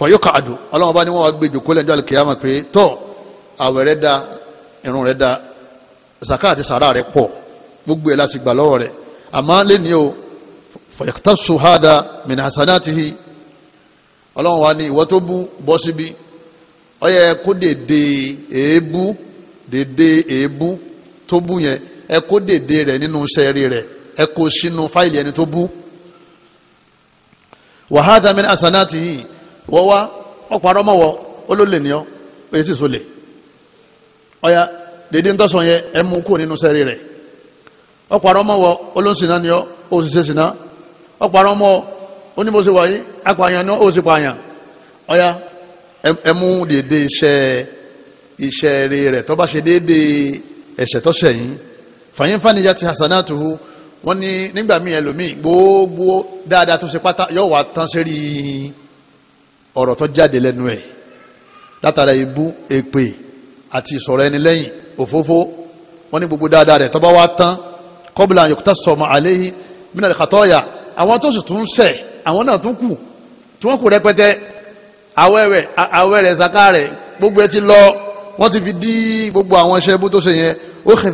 fọyọ́kà àdùn ọlọ́wọ́n bá ní wọ́n wá gbé jòkó lẹ́jọ́ alìkìyàmà pé tọ́ àwẹ̀ rẹ̀ da irun rẹ̀ da zaka àti sàrà rẹ̀ pọ̀ gbogbo ẹ̀ láti gbà lọ́wọ́ rẹ̀ àmọ́ lẹ́ni o fọyọ́kà sùhádà mìnà hasanatihi ọlọ́wọ́n wá ní ìwọ́ tó bú bọ́ síbi ó yẹ kó dèdè èébú dèdè èébú tó bú yẹn ẹ kó dèdè rẹ̀ nínú sẹ́ẹ̀rì rẹ̀ ẹ kó sínú fáìlì ẹni tó bú wàhádà mìnà hasanatihi wọ́n wá ọ̀pọ̀ ọmọwọ́ olólè ni ọ́ oye tí sọlẹ̀ ọ̀ya dèdè ntọ́sọ̀ yẹn ẹ̀ mú kú nínú sẹ́rí rẹ̀ ọ̀pọ̀ ọmọwọ́ olóńsìnà ni ọ́ òṣìṣẹ́ sìnà ọ̀pọ̀ ọmọ onímọ̀ọ́sẹ̀ wáyé apààyàn ni ọ́ òṣì pààyàn ọ̀ya ẹ̀ mú dèdè iṣẹ́ iṣẹ́ rẹ̀ tó bá ṣe déédé ẹ̀ṣẹ̀ tó ṣẹ̀ yín fàyín ti hasanatuhu wọ́n ní nígbà míì ẹlòmíì gbogbo dáadáa tó ṣe pátá yóò wá tán sérí ọ̀rọ̀ tó jáde lẹ́nu ẹ̀ látara ibú èpè àti ìsọ̀rọ̀ ẹni lẹ́yìn òfófó wọ́n ní gbogbo dáadáa rẹ̀ tó bá wá tán kọ́bùlà yòkútà sọ̀mọ̀ àléyìn mí náà kàtọ́ọ̀yà àwọn tó sì tún sẹ̀ àwọn náà tún kù tí wọ́n kù rẹpẹtẹ àwẹ̀rẹ̀ àwẹ̀rẹ̀ zaka rẹ̀ gbogbo ẹ ti lọ wọ́n ti fi dí gbogbo àwọn iṣẹ́ ibú tó ṣe yẹn ó kìí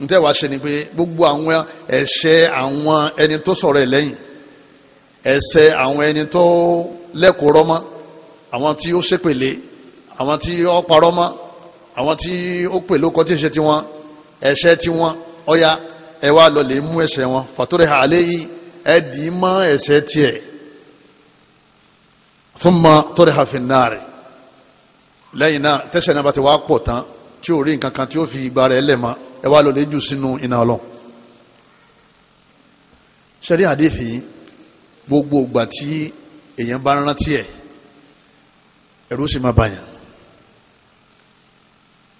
ntẹ́ wa ṣe ni pé gbogbo àwọn ẹ̀ṣẹ̀ àwọn ẹni tó sọ̀rọ̀ ẹ̀ lẹ́yìn ẹ̀ṣẹ̀ àwọn ẹni tó lẹ́kọ̀ọ́ rọ́mọ́ àwọn tí ó ṣépèlé àwọn tí ó parọ́ mọ́ àwọn tí ó pè lóko tí ń ṣe tiwọn ẹ̀ṣẹ̀ tiwọn ọ̀ya ẹ wá lọ lè mú ẹ̀ṣẹ̀ wọn fàtúrẹ̀ àlẹ́ yìí ẹ dì í mọ́ ẹ̀ṣẹ̀ tiẹ̀ fún mọ́ tọ́rẹ̀ àfin náà rẹ̀ lẹ́yìn náà tẹ́sẹ̀ náà bá ti wá pọ̀ tán tí ò rí nǹkan kan tí ó fi ìgbà rẹ̀ lẹ̀ mọ́ ẹ wá lọ lè jù sínú iná ọlọ́run ṣẹ́rí àdéhì gbogbo ìgbà tí èèyàn bá rántí ẹ̀ ẹ̀rú sì máa bàyàn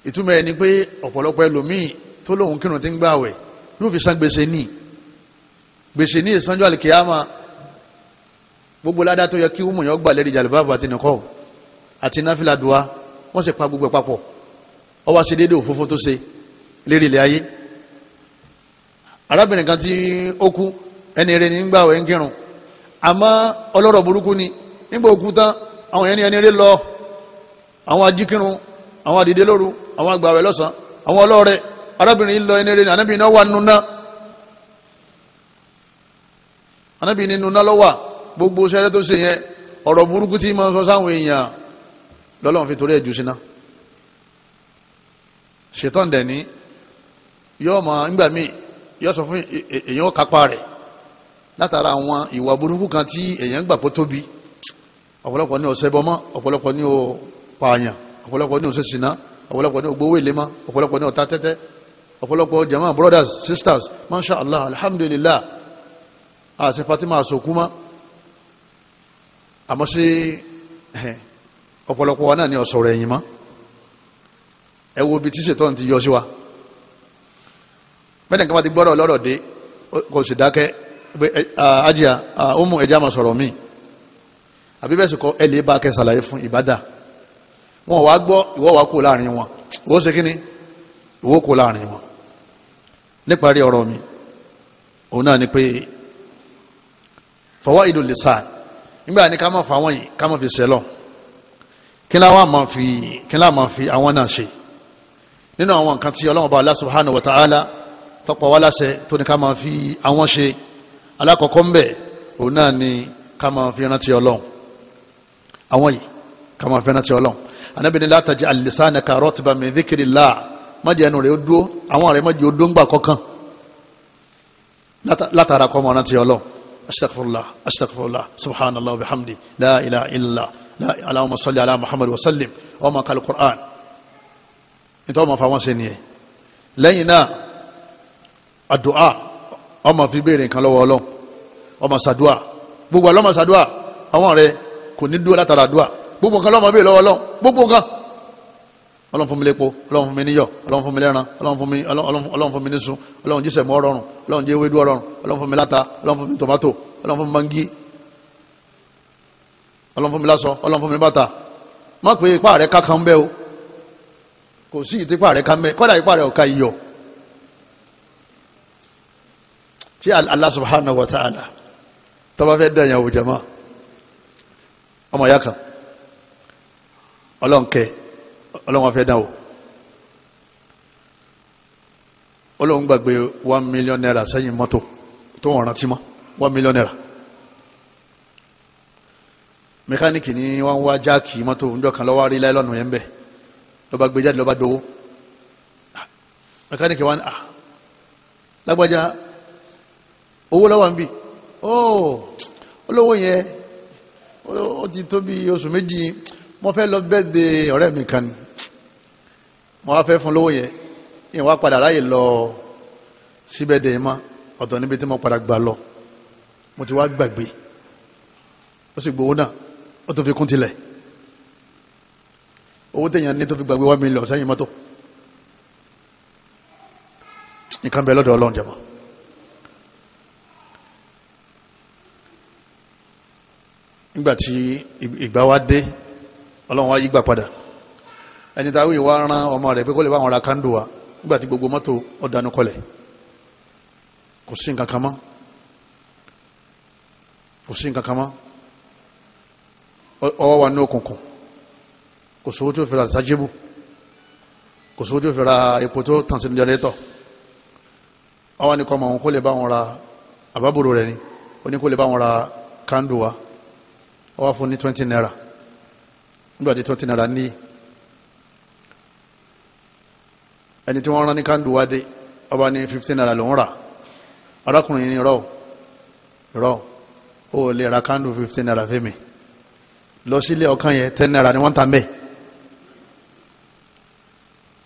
ìtumọ̀ ẹ̀ ni pé ọ̀pọ̀lọpọ̀ ẹlòmíì tó lóun kírun ti ń gbààwẹ̀ yóò fi san gbèsè ní gbèsè ní ìsanjú àlìkèyàmà gbogbo ládá tó yẹ kí wọ́n gbà lẹ́rìí jàlùbáàbù àti nìkọ́ àti náfìlà wọ́n sì pa gbogbo ẹ̀ papọ̀ ọwọ́ àṣedédé òfófó tó ṣe lérí ilé ayé arábìnrin kan tí ó kú ẹni rẹ ní gbàwẹ̀ ń kírun àmọ́ ọlọ́rọ̀ burúkú ni nígbà òkú tán àwọn ẹni lọ àwọn ajíkírun àwọn àdìdé lóru àwọn agbàwẹ̀ lọ́sàn àwọn ọlọ́rẹ̀ arábìnrin lọ ẹni ní anábìnrin náà wà nínú anábìnrin nínú lọ́wà gbogbo sẹ́rẹ́ tó ṣe yẹn ọ̀rọ̀ burúkú tí sọ sáwọn èèyàn lọ́lọ́run fi torí ní yóò mọ nígbà míì yóò sọ fún e, e, èèyàn kápá rẹ̀ látara àwọn ìwà burúkú kan tí èèyàn gbà pọ̀ tóbi ọ̀pọ̀lọpọ̀ ní ọ̀sẹ̀ bọ́mọ́ ọ̀pọ̀lọpọ̀ ní o ọ̀pọ̀lọpọ̀ ní ọ̀sẹ̀ ọ̀pọ̀lọpọ̀ ní ògbówó ìlémọ́ ọ̀pọ̀lọpọ̀ ní ọ̀tá tẹ́tẹ́ ọ̀pọ̀lọpọ̀ jama brothers sisters masha allah alhamdulillah àti fatima asokuma àmọ́ sí ọ̀pọ̀lọpọ̀ wa náà ní ọ̀sọ̀rọ̀ ẹ̀yìn mọ́ ẹ wo bí tí ti yọ sí wa bẹ́ẹ̀ nìkan bá ti gbọ́rọ̀ lọ́rọ̀ dé kò sì dákẹ́ ajíà ó mú ẹja máa sọ̀rọ̀ míì àbí bẹ́ẹ̀ sì kọ́ ẹ lè bá kẹ́ sàlàyé fún ìbádà wọn wá gbọ́ ìwọ́ wá kó láàrin wọn ìwọ ṣe kíni ìwọ kó láàrin wọn níparí ọ̀rọ̀ mi òun náà ni pé fọwọ́ ìlú lè sàn nígbà ní ká má fa àwọn yìí ká má fi sẹ́lọ̀ kí láwọn máa fi kí láwọn máa fi àwọn náà ṣe nínú àwọn nǹkan tí ọlọ́run bá Allah subhanahu wa ta'ala tọ́pọ̀ wá láṣẹ tó ní ká máa fi àwọn ṣe alákọ̀ọ́kọ́ ń bẹ̀ òun náà ni ká máa fi rántí ọlọ́run àwọn yìí ká máa fi rántí ọlọ́run anábìíní látàjẹ àlìsàn ẹ̀ka rọ́tìbà min dhikrillah májẹ ẹnu rẹ̀ ó dúó àwọn rẹ̀ májẹ ó dúó ńgbà kọ̀ọ̀kan látara kọ́ máa rántí ọlọ́run astaghfirullah astaghfirullah subhanallah wa bihamdi la ilaha illa la allahumma salli ala muhammad wa sallim wa ma nítorí wọn fa wọn ṣe nìyẹn lẹ́yìn náà àdùá ọmọ fi béèrè nǹkan lọ́wọ́ ọlọ́run ọmọ sàdùá gbogbo àlọ́mọ sàdùá àwọn rẹ kò ní dúró látara àdùá gbogbo nǹkan lọ́mọ béèrè lọ́wọ́ ọlọ́run gbogbo nǹkan ọlọ́run fún mi lépo ọlọ́run fún mi níyọ̀ ọlọ́run fún mi lẹ́ran ọlọ́run fún mi ọlọ́run fún mi nísun ọlọ́run jíṣẹ́ mọ́ ọrọ̀rùn ọlọ́run jẹ́ ewédú ọrọ̀rùn ọlọ́run fún mi láta ọlọ́run fún mi tòmátò ọlọ́run fún mi mangi ọlọ́run fún mi láṣọ ọlọ́run fún mi bàtà má pé ipá rẹ̀ ká bẹ́ o kò sí ìtìpá rẹ̀ ká mẹ́ kọ́dà ipá rẹ̀ ọ̀ka iyọ̀ sí Allah subhanahu wa ta'ala tó bá fẹ́ dẹ̀yàn wò jama ọmọ ya kan ọlọ́nkẹ ọlọ́wọ́n fẹ́ dánwò olóhùn gbàgbé one million naira sẹ́yìn mọ́tò tó wọ́n rántí mọ́ one million naira mẹkáníìkì ni wọ́n ń wá jáàkì mọ́tò ńjọ kan lọ́wọ́ rí láìlọ́nù yẹn bẹ́ẹ̀ lọ́ba gbé jáde lọ́ba dowó mẹkáníìkì wọn ah, lágbájá owó lọ́wọ́ ń bí óò oh, olówó yẹn ó ti tó bí oṣù méjì mo fẹ́ lọ bẹ́ẹ̀dẹ̀ ọ̀rẹ́ mi kan ni mo wá fẹ́ fún lówó yẹn yẹn wá padà ráyè lọ síbẹ̀dẹ̀ yẹn mọ́ ọ̀tọ̀ níbi tí mo padà gbà lọ mo ti wá gbàgbé ó sì gbowó náà ó tó fi kún tilẹ̀ owó tẹ̀yàn ní tó fi gbàgbé one million sẹ́yìn mọ́tò nǹkan bẹ́ẹ̀ lọ́dọ̀ ọlọ́run jẹ́ mọ́. nígbàtí ìgbà wá dé ọlọ́run wá yígbà padà ẹni tàwí wá rán ọmọ rẹ̀ pé kó lè bá wọn ra kándù wa nígbàtí gbogbo mọ́tò ọ̀dánú kọlẹ̀ kò sí nǹkan kan mọ́ kò sí nǹkan kan mọ́ ọwọ́ wa ní òkùnkùn kò sówó tí ó fẹ́ra sájébù kò sówó tí ó fẹ́ra epo tó tàn sínú jẹnẹrétọ̀ ọwọ́ ni kọ́ mọ̀ wọn kó lè bá wọn ra àbábòrò rẹ̀ ni ó ní kó lè bá wọn ra kándù ó wá fún ní twenty naira nígbà tí twenty naira ní ẹni tí wọ́n rán ní kándù wá ní fifteen naira ló ń rà arákùnrin yìí ní rọ rọ ó lè ra kándù fifteen naira fẹ́mi lọ sílé ọkàn yẹn ten naira ni wọ́n ta mẹ́ẹ̀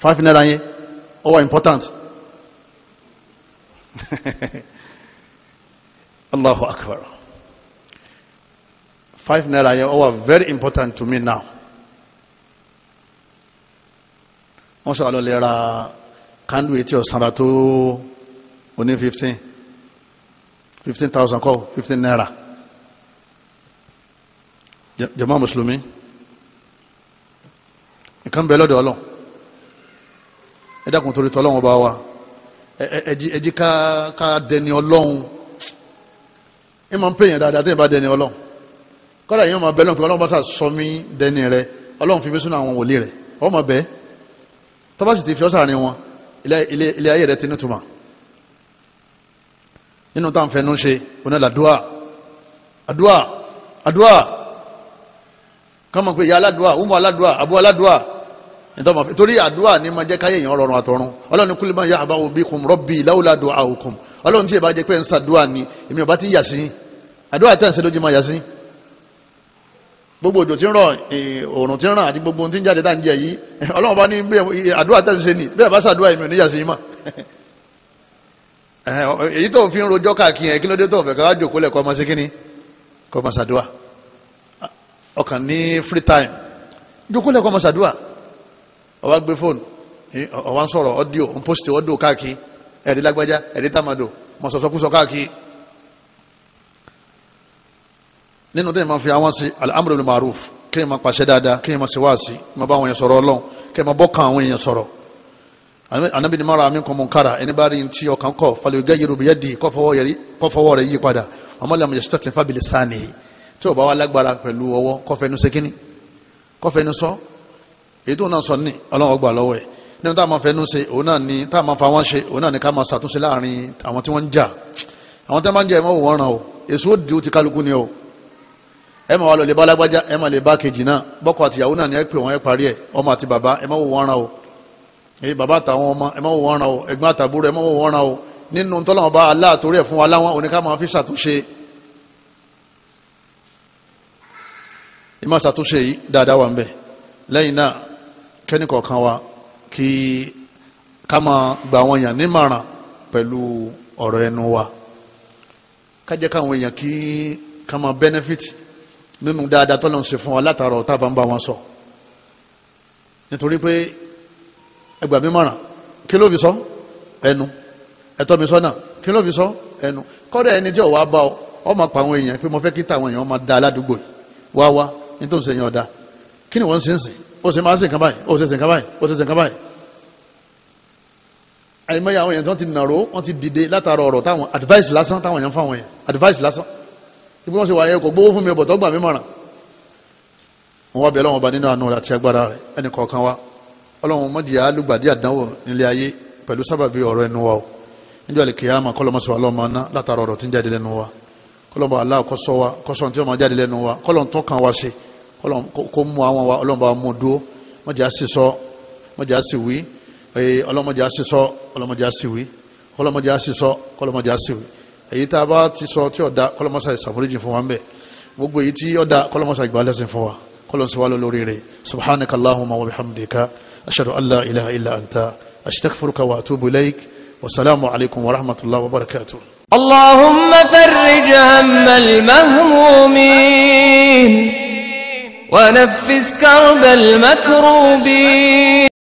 five naira yẹn ó wà important Allahu akbar five naira yẹn ó wà very important to me now wọ́n sọ àlọ́lẹ̀ ra candle etí ọ̀sánra tó oní fifteen fifteen thousand kọ́ fifteen naira Jama muslumi. nǹkan bẹ lọ́dọ̀ ọlọ́ ẹ dákun torí tọ́lọ́run bá wa ẹjí ká dẹni ọlọ́run ẹ máa ń pè yẹn dáadáa tẹ́yìn bá dẹni ọlọ́run kọ́dà yìí máa bẹ lọ́n pé ọlọ́run bá sà sọ mí dẹni rẹ ọlọ́run fi mí sínú àwọn wòlíì rẹ ọmọ bẹ tọ́ba sì ti fi ọ́ sàárín wọn ilé ayé rẹ ti nítumọ̀ nínú tá à ń fẹnu ṣe oní àdúrà àdúrà àdúrà kọ́mọ pé ìyá aládùá ọmọ aládùá àbú aládùá torí àdúrà ní máa jẹ́ káyé èèyàn rọrùn àtọ̀run ọlọ́run ní kúlímọ̀ yá àbáwò bí kùn rọ́bì láwùlá àdúrà òkùn ọlọ́run tí ì bá jẹ́ pé ń sàdúrà ni èmi ọba ti yà sí àdúrà tẹ̀ ń ṣe lójú máa yà sí gbogbo òjò tí ń rọ̀ òòrùn tí ń ràn àti gbogbo tí ń jáde tá ń jẹ yìí ọlọ́run bá ní àdúrà tẹ̀ ń ṣe nì bẹ́ẹ̀ bá ṣàdúrà èmi ò níyà sí mọ́ èyí tó fi ń rojọ́ káàkiri yẹn kí ló dé tó fẹ́ ká jòkó lẹ̀ kọ́ ọmọ sí kíní kọ́ ọmọ ṣàdúrà ọkàn ní free time jòkó lẹ̀ kọ́ ọmọ ṣàdúrà ó wá gbé fóònù ó wá ń sọ̀rọ̀ ọ́díò ń pósìtì ọ́díò káàkiri ẹ̀rí lágbájá ẹ̀rí tàmàdò mọ̀sọ̀sọ́kúsọ káàkiri nínú tẹ́yìn máa fi àwọn sí al-amru bil ma'ruf kéèyàn máa pàṣẹ dáadáa kéèyàn máa ṣèwáàsí máa bá àwọn èèyàn sọ̀rọ̀ ọlọ́run kéèyàn máa bọ́kàn àwọn èèyàn sọ̀rọ̀ anabi ni mara amin kọmọ nkara ẹni bá rí ti ọkàn kọ falẹ̀ ìgá yorùbá yẹ́ di kọ́fọwọ́ rẹ̀ yí padà ọmọ lẹ́mọ̀ yẹ̀ sítọ́kì fábìlì sáàni tí ó bá wá lágbára pẹ̀lú ọwọ́ kọfẹ́nu sekini kọfẹ́nu sọ èyí tó náà sọ ní ọlọ́wọ́ gbà lọ́wọ́ ẹ̀ nínú táwọn fẹ́nu ṣe òun náà ni táwọn fa wọ́n ṣe òun náà ni ká máa ṣàtúnṣe láàrin àwọn tí wọ́n ń jà àwọn tí wọ́n ń jà ẹ̀mọ́ wọ́n ràn o èso di ó ti kálukú ni o ẹ máa wà lọ lè bá lágbájá ẹ máa lè bá kejì náà bọ́kọ àtìyàwó náà ni ẹ pè wọ́n ẹ parí ẹ ọmọ àti bàbá ẹ máa wò wọ́n ra o èyí bàbá àtàwọn ọmọ ẹ máa wò wọ́n ra o ẹ̀gbọ́n àtàbúrò ẹ máa wò wọ́n ra o nínú tọ́lọ́mọba aláàtórí ẹ̀ fún wa láwọn oníkà máa fi ṣàtúnṣe ìmọ̀ ṣàtúnṣe yìí dáadáa wà ń bẹ lẹ́yìn náà kẹ́nìkọ̀ọ̀kan wa kí ká máa gba àwọn èèyàn nímọ̀ràn pẹ̀lú ọ̀rọ̀ ẹnu wa ká jẹ́ káwọn èèyàn kí ká máa benefit nínú dáadáa tọ́lọ̀ ń ṣe fún wa látara ọ̀tá bá ń bá wọn sọ nítorí pé ẹgbà mi mọ̀ràn kí ló fi sọ ẹnu ẹ̀tọ́ mi sọ́nà kí ló fi sọ ẹnu kọ́dọ̀ ẹni tí ò wá bá ọ ọ máa pa àwọn èèyàn pé mo fẹ́ kí táwọn èèyàn máa da aládùúgbò wá wá ní tó ń ṣe yẹn ọ̀dà kí ni wọ́n ń ṣe ó ṣe máa ń sìn kan báyìí ó ṣe sìn kan báyìí ó ṣe sìn kan báyìí àìmọye àwọn èèyàn tí wọ́n ti nàró wọ́n ti dìde látara ọ̀rọ̀ táwọn advice lásán táwọn èèyàn fáwọn èèyàn advice lásán ibi wọ́n ṣe wà yẹn kò gbówó fún mi ọ̀bọ̀ tọ́gbà mi mọ̀ràn wọ́n wá bẹ̀ lọ́wọ́ ọba nínú àánú rẹ̀ àti agbára rẹ̀ ẹnì kọ̀ọ̀kan wa ọlọ́run mọ́dìyà alùgbàdì àdánwò nílé ayé pẹ̀lú sábàbí ọ̀rọ̀ ẹnu wa o níjọ́ àlè kìyàmà kọ́lọ́mọsọ alọ́mọ ná látara ọ̀rọ̀ tí ń jáde lẹ́nu wa kọ́lọ́mọ aláà kọ́sọ́ wa kọ́sọ́ tí ó máa jáde lẹ́nu wa kọ́lọ́n tó kàn wá ṣe kó mú àwọn wa ọlọ́mọ bá mú dúró mọ́jà sì sọ mọ́jà sì wí ọlọ́mọjà sì sọ ọlọ́mọjà sì wí ọlọ́mọjà sì sọ ọlọ́mọjà sì wí èyí tá a bá ti sọ tí ọ̀dà kọlọmọsà ìsàforíjì fún wa ń bẹ̀ gbogbo èyí tí ọ̀dà kọlọmọsà ìgbàlẹ́sìn fún wa kọlọmọsà wà lórí rẹ̀ subhanaka allahumma wa bihamdika ashadu an la ilaha illa anta astaghfiruka wa atubu ilaik wasalaamu alaykum wa rahmatullahi wa barakatuh. اللهم فرج هم المهمومين ونفس كرب المكروبين